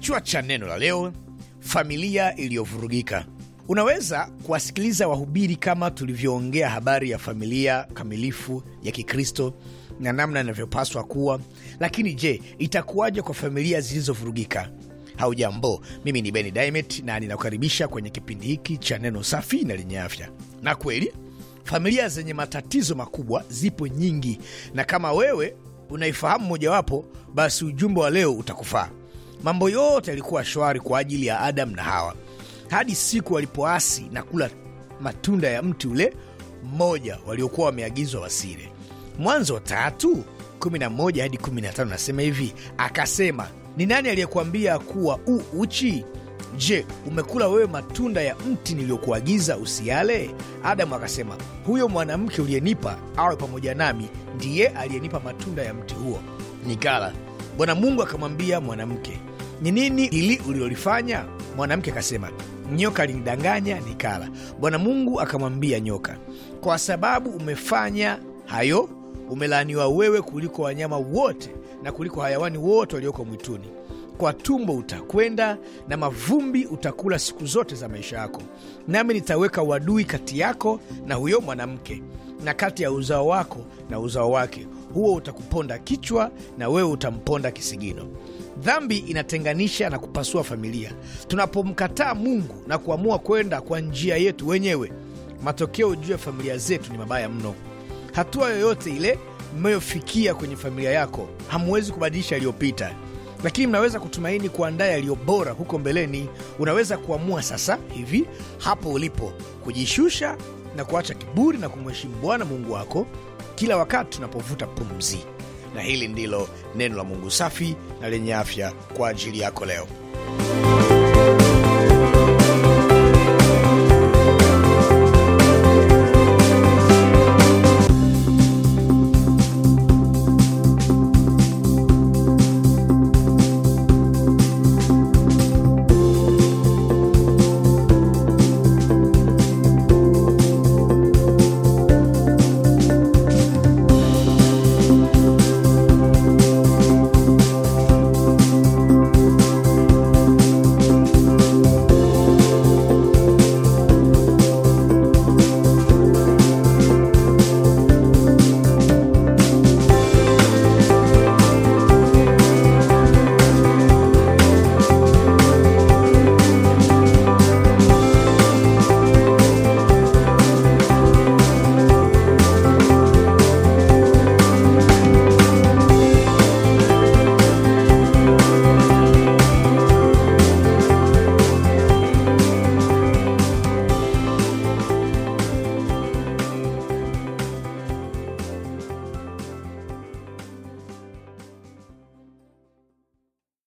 Kichwa cha neno la leo: familia iliyovurugika. Unaweza kuwasikiliza wahubiri kama tulivyoongea habari ya familia kamilifu ya Kikristo na namna inavyopaswa kuwa, lakini je, itakuwaje kwa familia zilizovurugika? Haujambo, mimi ni Beni Dimet na ninakukaribisha kwenye kipindi hiki cha neno safi na lenye afya. Na kweli familia zenye matatizo makubwa zipo nyingi, na kama wewe unaifahamu mojawapo, basi ujumbe wa leo utakufaa. Mambo yote yalikuwa shwari kwa ajili ya Adamu na Hawa hadi siku walipoasi na kula matunda ya mti ule mmoja waliokuwa wameagizwa wasile. Mwanzo tatu 11 hadi 15 nasema hivi, akasema ni nani aliyekuambia kuwa u uchi? Je, umekula wewe matunda ya mti niliyokuagiza usiale? Adamu akasema, huyo mwanamke uliyenipa awe pamoja nami ndiye aliyenipa matunda ya mti huo nikala Bwana Mungu akamwambia mwanamke, ni nini hili ulilolifanya? Mwanamke akasema, nyoka alinidanganya nikala. Bwana Mungu akamwambia nyoka, kwa sababu umefanya hayo, umelaaniwa wewe kuliko wanyama wote na kuliko hayawani wote walioko mwituni. Kwa tumbo utakwenda na mavumbi utakula siku zote za maisha yako, nami nitaweka uadui kati yako na huyo mwanamke, na kati ya uzao wako na uzao wake huo utakuponda kichwa na wewe utamponda kisigino. Dhambi inatenganisha na kupasua familia. Tunapomkataa Mungu na kuamua kwenda kwa njia yetu wenyewe, matokeo juu ya familia zetu ni mabaya mno. Hatua yoyote ile mmeyofikia kwenye familia yako, hamwezi kubadilisha yaliyopita, lakini mnaweza kutumaini kuandaa yaliyo bora huko mbeleni. Unaweza kuamua sasa hivi hapo ulipo kujishusha na kuacha kiburi na kumheshimu Bwana Mungu wako kila wakati tunapovuta pumzi. Na hili ndilo neno la Mungu safi na lenye afya kwa ajili yako leo.